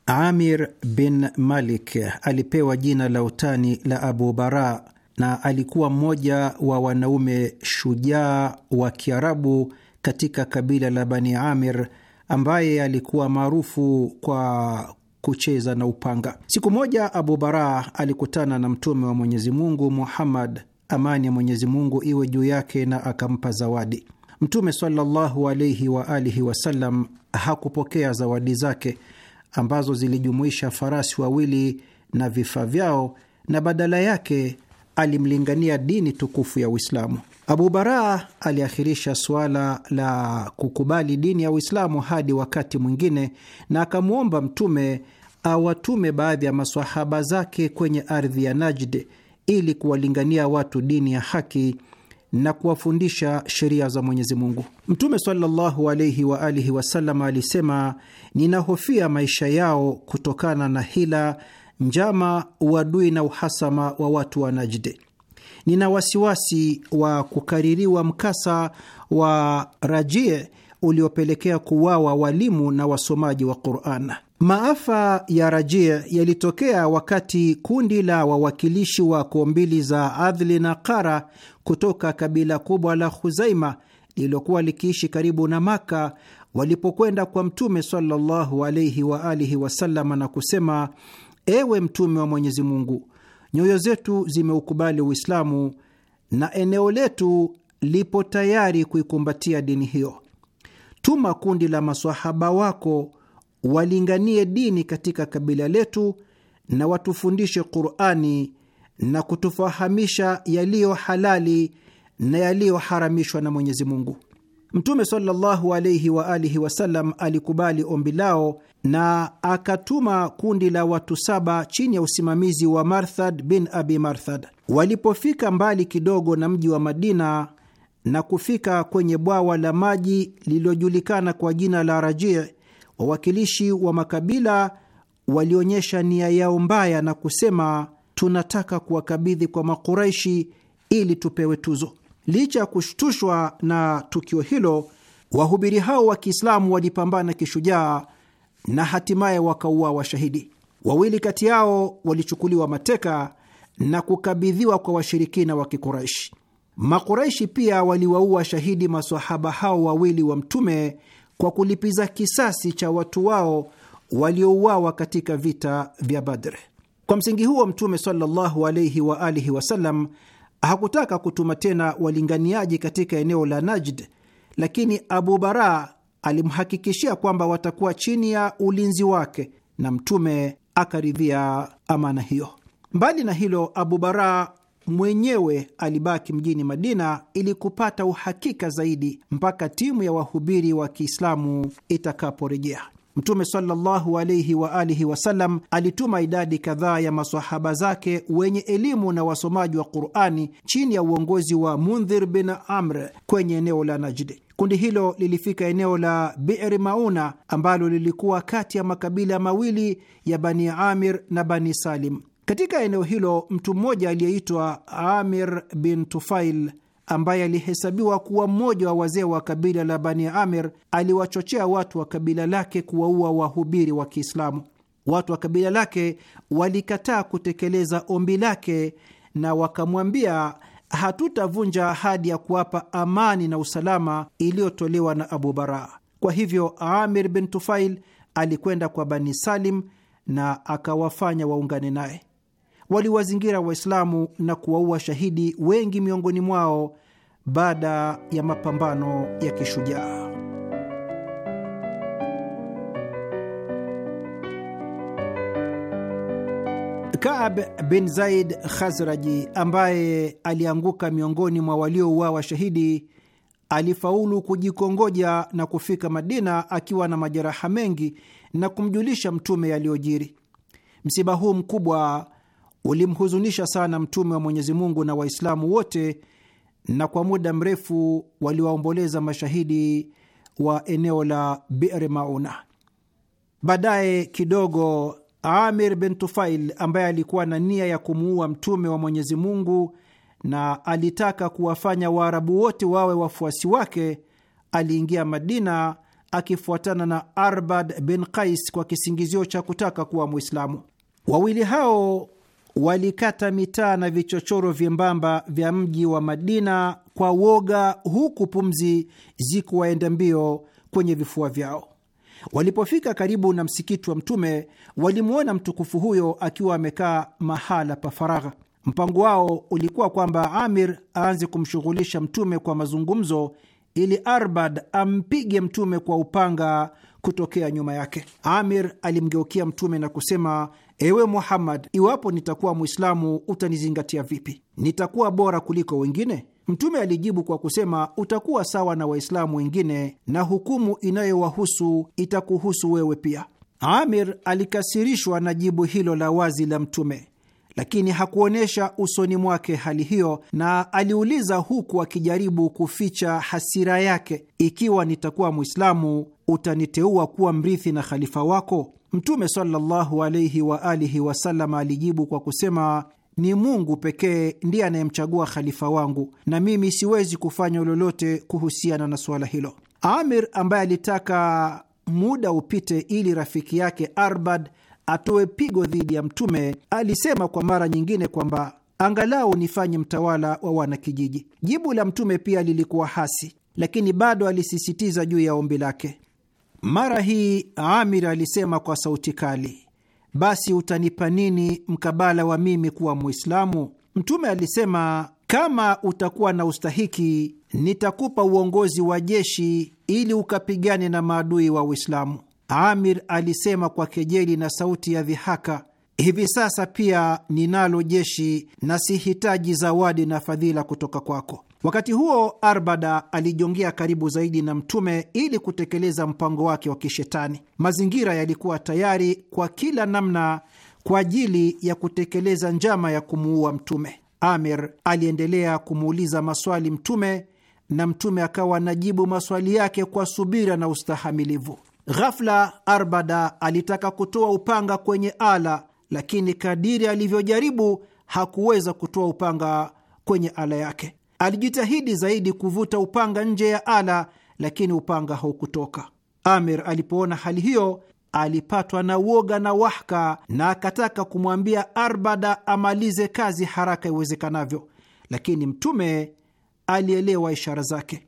Amir bin Malik alipewa jina la utani la Abu Bara na alikuwa mmoja wa wanaume shujaa wa Kiarabu katika kabila la Bani Amir ambaye alikuwa maarufu kwa kucheza na upanga. Siku moja Abu Bara alikutana na Mtume wa Mwenyezi Mungu Muhammad, amani ya Mwenyezi Mungu iwe juu yake, na akampa zawadi. Mtume sallallahu alaihi wa alihi wasallam hakupokea zawadi zake ambazo zilijumuisha farasi wawili na vifaa vyao, na badala yake alimlingania dini tukufu ya Uislamu. Abu Baraa aliakhirisha suala la kukubali dini ya Uislamu hadi wakati mwingine, na akamwomba Mtume awatume baadhi ya masahaba zake kwenye ardhi ya Najd ili kuwalingania watu dini ya haki na kuwafundisha sheria za Mwenyezi Mungu. Mtume sallallahu alaihi wa alihi wasallam alisema, ninahofia maisha yao kutokana na hila njama, uadui na uhasama wa watu wa Najde. Nina wasiwasi wa kukaririwa mkasa wa Rajie uliopelekea kuwawa walimu na wasomaji wa Quran. Maafa ya Rajie yalitokea wakati kundi la wawakilishi wa koo mbili za adhli na Qara kutoka kabila kubwa la Khuzaima lililokuwa likiishi karibu na Maka walipokwenda kwa Mtume sallallahu alaihi waalihi wasalama na kusema Ewe Mtume wa Mwenyezi Mungu, nyoyo zetu zimeukubali Uislamu na eneo letu lipo tayari kuikumbatia dini hiyo. Tuma kundi la maswahaba wako walinganie dini katika kabila letu na watufundishe Qurani na kutufahamisha yaliyo halali na yaliyoharamishwa na Mwenyezi Mungu. Mtume sallallahu wa alihi wasallam alikubali ombi lao na akatuma kundi la watu saba chini ya usimamizi wa Marthad bin Abi Marthad. Walipofika mbali kidogo na mji wa Madina na kufika kwenye bwawa la maji lililojulikana kwa jina la rajii wawakilishi wa makabila walionyesha nia yao mbaya na kusema, tunataka kuwakabidhi kwa Makuraishi ili tupewe tuzo. Licha ya kushtushwa na tukio hilo, wahubiri hao wa Kiislamu walipambana kishujaa na hatimaye wakauawa washahidi. Wawili kati yao walichukuliwa mateka na kukabidhiwa kwa washirikina wa Kikuraishi. Makuraishi pia waliwaua shahidi masahaba hao wawili wa Mtume kwa kulipiza kisasi cha watu wao waliouawa katika vita vya Badre. Kwa msingi huo, Mtume sallallahu alaihi waalihi wasallam Hakutaka kutuma tena walinganiaji katika eneo la Najd, lakini Abu Bara alimhakikishia kwamba watakuwa chini ya ulinzi wake na Mtume akaridhia amana hiyo. Mbali na hilo, Abu Bara mwenyewe alibaki mjini Madina ili kupata uhakika zaidi mpaka timu ya wahubiri wa Kiislamu itakaporejea. Mtume sallallahu alaihi wa alihi wasallam alituma idadi kadhaa ya masahaba zake wenye elimu na wasomaji wa Qurani chini ya uongozi wa Mundhir bin Amr kwenye eneo la Najdi. Kundi hilo lilifika eneo la Biri Mauna ambalo lilikuwa kati ya makabila mawili ya Bani Amir na Bani Salim. Katika eneo hilo mtu mmoja aliyeitwa Amir bin Tufail ambaye alihesabiwa kuwa mmoja wa wazee wa kabila la Bani Amir aliwachochea watu wa kabila lake kuwaua wahubiri wa Kiislamu. Watu wa kabila lake walikataa kutekeleza ombi lake na wakamwambia, hatutavunja ahadi ya kuwapa amani na usalama iliyotolewa na Abu Bara. Kwa hivyo Amir bin Tufail alikwenda kwa Bani Salim na akawafanya waungane naye. Waliwazingira Waislamu na kuwaua shahidi wengi miongoni mwao baada ya mapambano ya kishujaa. Kaab bin Zaid Khazraji ambaye alianguka miongoni mwa waliouawa shahidi alifaulu kujikongoja na kufika Madina akiwa na majeraha mengi na kumjulisha Mtume yaliyojiri. Msiba huu mkubwa ulimhuzunisha sana Mtume wa Mwenyezi Mungu na Waislamu wote na kwa muda mrefu waliwaomboleza mashahidi wa eneo la Bi'r Mauna. Baadaye kidogo, Amir bin Tufail ambaye alikuwa na nia ya kumuua Mtume wa Mwenyezi Mungu na alitaka kuwafanya Waarabu wote wawe wafuasi wake, aliingia Madina akifuatana na Arbad bin Qais kwa kisingizio cha kutaka kuwa Mwislamu. Wawili hao walikata mitaa na vichochoro vyembamba vya mji wa Madina kwa woga, huku pumzi zikiwaenda mbio kwenye vifua vyao. Walipofika karibu na msikiti wa Mtume, walimwona mtukufu huyo akiwa amekaa mahala pa faragha. Mpango wao ulikuwa kwamba Amir aanze kumshughulisha Mtume kwa mazungumzo ili Arbad ampige Mtume kwa upanga kutokea nyuma yake. Amir alimgeukia Mtume na kusema Ewe Muhammad, iwapo nitakuwa Mwislamu utanizingatia vipi? Nitakuwa bora kuliko wengine? Mtume alijibu kwa kusema, utakuwa sawa na Waislamu wengine na hukumu inayowahusu itakuhusu wewe pia. Amir alikasirishwa na jibu hilo la wazi la Mtume, lakini hakuonyesha usoni mwake hali hiyo, na aliuliza huku akijaribu kuficha hasira yake, ikiwa nitakuwa Mwislamu utaniteua kuwa mrithi na khalifa wako? Mtume sallallahu alaihi wa alihi wasallam alijibu kwa kusema ni Mungu pekee ndiye anayemchagua khalifa wangu na mimi siwezi kufanya lolote kuhusiana na suala hilo. Amir ambaye alitaka muda upite ili rafiki yake Arbad atoe pigo dhidi ya Mtume alisema kwa mara nyingine kwamba angalau nifanye mtawala wa wanakijiji. Jibu la Mtume pia lilikuwa hasi, lakini bado alisisitiza juu ya ombi lake. Mara hii Amir alisema kwa sauti kali, basi utanipa nini mkabala wa mimi kuwa Mwislamu? Mtume alisema, kama utakuwa na ustahiki, nitakupa uongozi wa jeshi ili ukapigane na maadui wa Uislamu. Amir alisema kwa kejeli na sauti ya dhihaka, hivi sasa pia ninalo jeshi na sihitaji zawadi na fadhila kutoka kwako. Wakati huo Arbada alijongea karibu zaidi na Mtume ili kutekeleza mpango wake wa kishetani. Mazingira yalikuwa tayari kwa kila namna kwa ajili ya kutekeleza njama ya kumuua Mtume. Amir aliendelea kumuuliza maswali Mtume na Mtume akawa anajibu maswali yake kwa subira na ustahamilivu. Ghafla Arbada alitaka kutoa upanga kwenye ala, lakini kadiri alivyojaribu hakuweza kutoa upanga kwenye ala yake. Alijitahidi zaidi kuvuta upanga nje ya ala, lakini upanga haukutoka. Amir alipoona hali hiyo alipatwa na uoga na wahka na akataka kumwambia Arbada amalize kazi haraka iwezekanavyo, lakini Mtume alielewa ishara zake.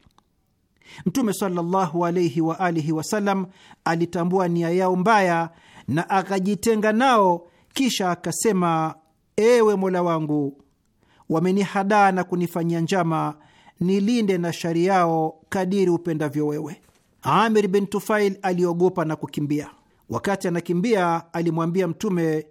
Mtume sallallahu alaihi wa alihi wasallam alitambua nia yao mbaya na akajitenga nao, kisha akasema: ewe mola wangu wamenihadaa na kunifanyia njama, nilinde na shari yao kadiri upendavyo wewe. Amir bin Tufail aliogopa na kukimbia. Wakati anakimbia, alimwambia Mtume,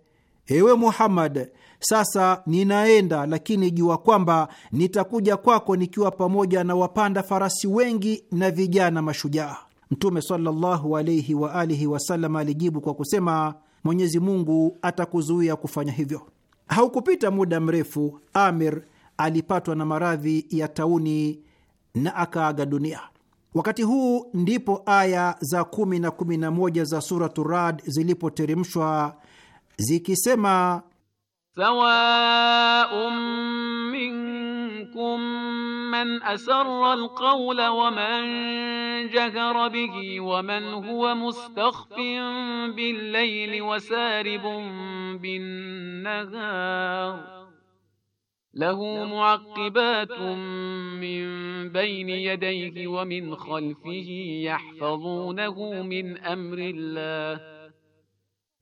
ewe Muhammad, sasa ninaenda, lakini jua kwamba nitakuja kwako nikiwa pamoja na wapanda farasi wengi na vijana mashujaa. Mtume sallallahu alaihi wasallam alijibu kwa kusema, Mwenyezi Mungu atakuzuia kufanya hivyo. Haukupita muda mrefu, Amir alipatwa na maradhi ya tauni na akaaga dunia. Wakati huu ndipo aya za kumi na kumi na moja za Suratu Rad zilipoteremshwa zikisema, sawaun minkum من أسر القول ومن جهر به ومن هو مستخف بالليل وسارب بالنهار له معقبات من بين يديه ومن خلفه يحفظونه من أمر الله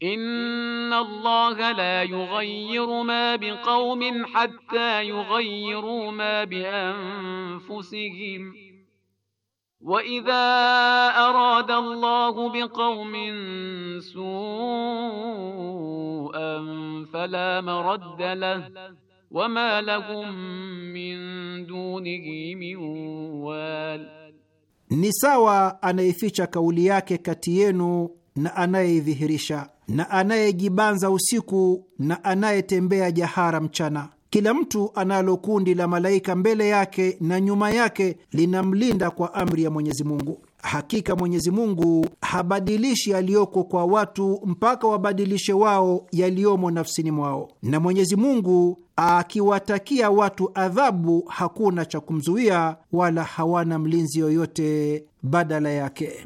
إن الله لا يغير ما بقوم حتى يغيروا ما بأنفسهم وإذا أراد الله بقوم سوءا فلا مرد له وما لهم من دونه من وال ni sawa anayeficha kauli yake kati yenu na na anayejibanza usiku na anayetembea jahara mchana. Kila mtu analo kundi la malaika mbele yake na nyuma yake linamlinda kwa amri ya Mwenyezi Mungu. Hakika Mwenyezi Mungu habadilishi yaliyoko kwa watu mpaka wabadilishe wao yaliyomo nafsini mwao. Na Mwenyezi Mungu akiwatakia watu adhabu, hakuna cha kumzuia wala hawana mlinzi yoyote badala yake.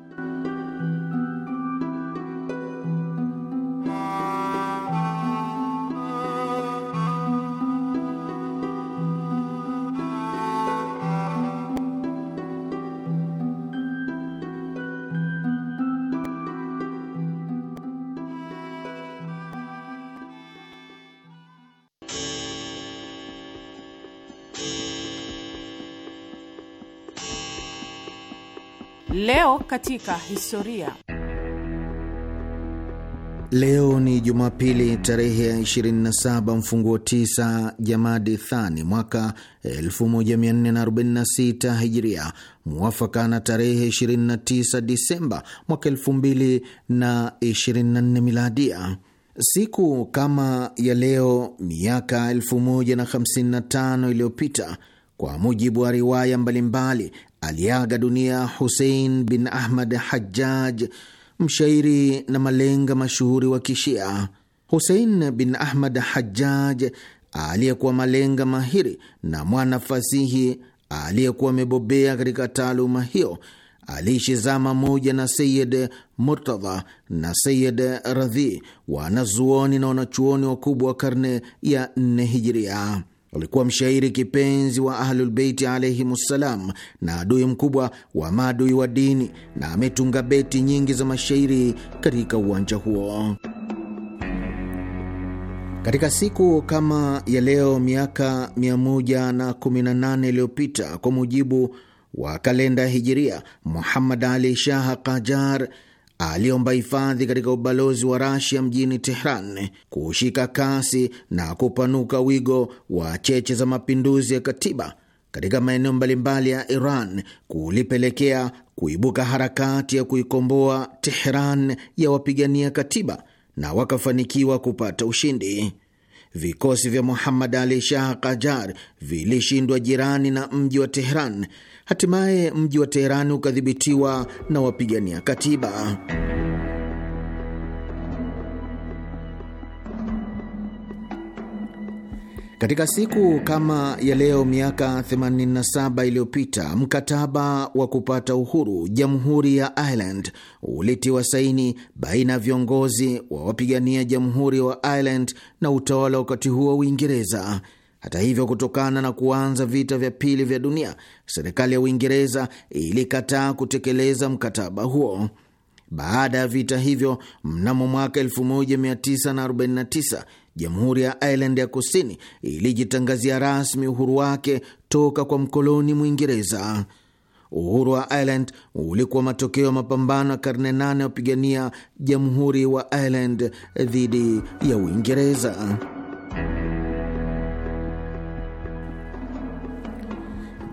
Leo katika historia. Leo ni Jumapili tarehe ya 27 mfunguo 9 Jamadi Thani mwaka 1446 Hijria, mwafaka na tarehe 29 Disemba mwaka 2024 Miladia. Siku kama ya leo miaka 1055 iliyopita, kwa mujibu wa riwaya mbalimbali, aliaga dunia Husein bin Ahmad Hajjaj, mshairi na malenga mashuhuri wa Kishia. Husein bin Ahmad Hajjaj aliyekuwa malenga mahiri na mwana fasihi aliyekuwa amebobea katika taaluma hiyo aliishi zama moja na Sayid Murtadha na Sayid Radhi, wanazuoni na wanachuoni wakubwa wa karne ya nne Hijiria. Alikuwa mshairi kipenzi wa Ahlulbeiti alaihimussalam na adui mkubwa wa maadui wa dini, na ametunga beti nyingi za mashairi katika uwanja huo. Katika siku kama ya leo miaka 118 iliyopita kwa mujibu wa kalenda Hijiria, Muhammad Ali Shah Kajar aliomba hifadhi katika ubalozi wa Rasia mjini Tehran, kushika kasi na kupanuka wigo wa cheche za mapinduzi ya katiba katika maeneo mbalimbali ya Iran kulipelekea kuibuka harakati ya kuikomboa Tehran ya wapigania katiba na wakafanikiwa kupata ushindi. Vikosi vya Muhammad Ali Shah Qajar vilishindwa jirani na mji wa Tehran Hatimaye mji wa Teherani ukadhibitiwa na wapigania katiba. Katika siku kama ya leo miaka 87 iliyopita mkataba wa kupata uhuru jamhuri ya Ireland ulitiwa saini baina ya viongozi wa wapigania jamhuri wa Ireland na utawala wakati huo Uingereza. Hata hivyo, kutokana na kuanza vita vya pili vya dunia, serikali ya Uingereza ilikataa kutekeleza mkataba huo. Baada ya vita hivyo, mnamo mwaka 1949 jamhuri ya Ireland ya Kusini ilijitangazia rasmi uhuru wake toka kwa mkoloni Mwingereza. Uhuru wa Ireland ulikuwa matokeo ya mapambano ya karne nane ya wapigania jamhuri wa Ireland dhidi ya Uingereza.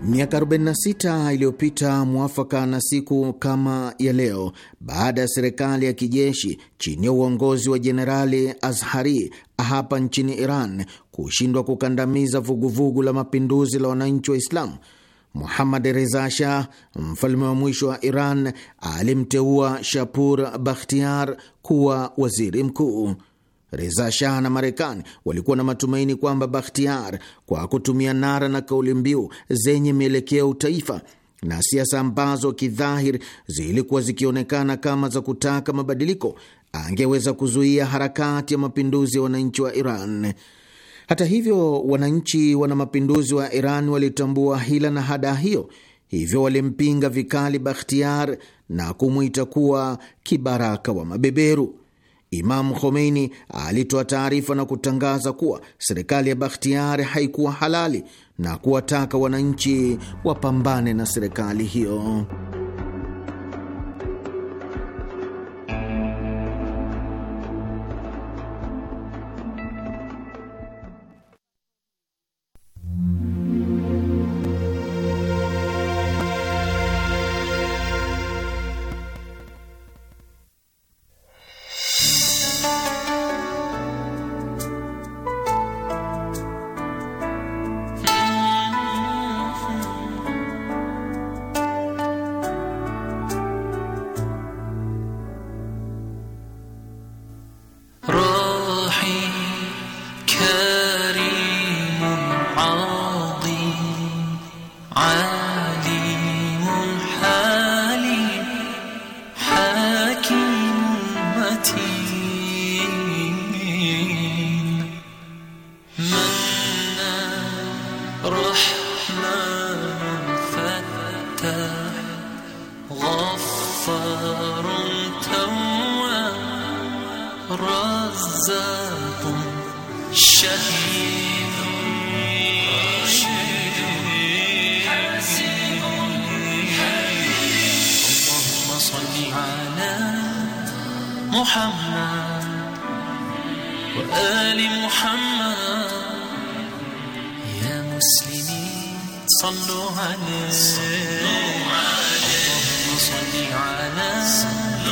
Miaka 46 iliyopita mwafaka na siku kama ya leo, baada ya serikali ya kijeshi chini ya uongozi wa Jenerali Azhari hapa nchini Iran kushindwa kukandamiza vuguvugu la mapinduzi la wananchi wa Islamu, Muhammad Reza Shah, mfalme wa mwisho wa Iran, alimteua Shapur Bakhtiar kuwa waziri mkuu. Reza Shah na Marekani walikuwa na matumaini kwamba Bakhtiar, kwa kutumia nara na kauli mbiu zenye mielekeo utaifa na siasa ambazo kidhahir zilikuwa zikionekana kama za kutaka mabadiliko, angeweza kuzuia harakati ya mapinduzi ya wananchi wa Iran. Hata hivyo, wananchi wana mapinduzi wa Iran walitambua hila na hada hiyo, hivyo walimpinga vikali Bakhtiar na kumwita kuwa kibaraka wa mabeberu. Imamu Khomeini alitoa taarifa na kutangaza kuwa serikali ya Bakhtiari haikuwa halali na kuwataka wananchi wapambane na serikali hiyo. صلوا عليه اللهم صل على محمد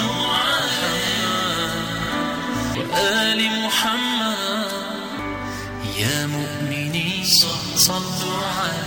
وآل محمد يا مؤمنين صلوا عليه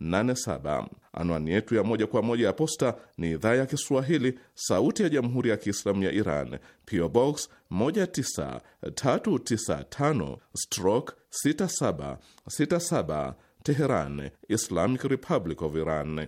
87. Anwani yetu ya moja kwa moja ya posta ni idhaa ya Kiswahili, sauti ya jamhuri ya kiislamu ya Iran, PO Box 19395 stroke 6767 Teheran, Islamic Republic of Iran.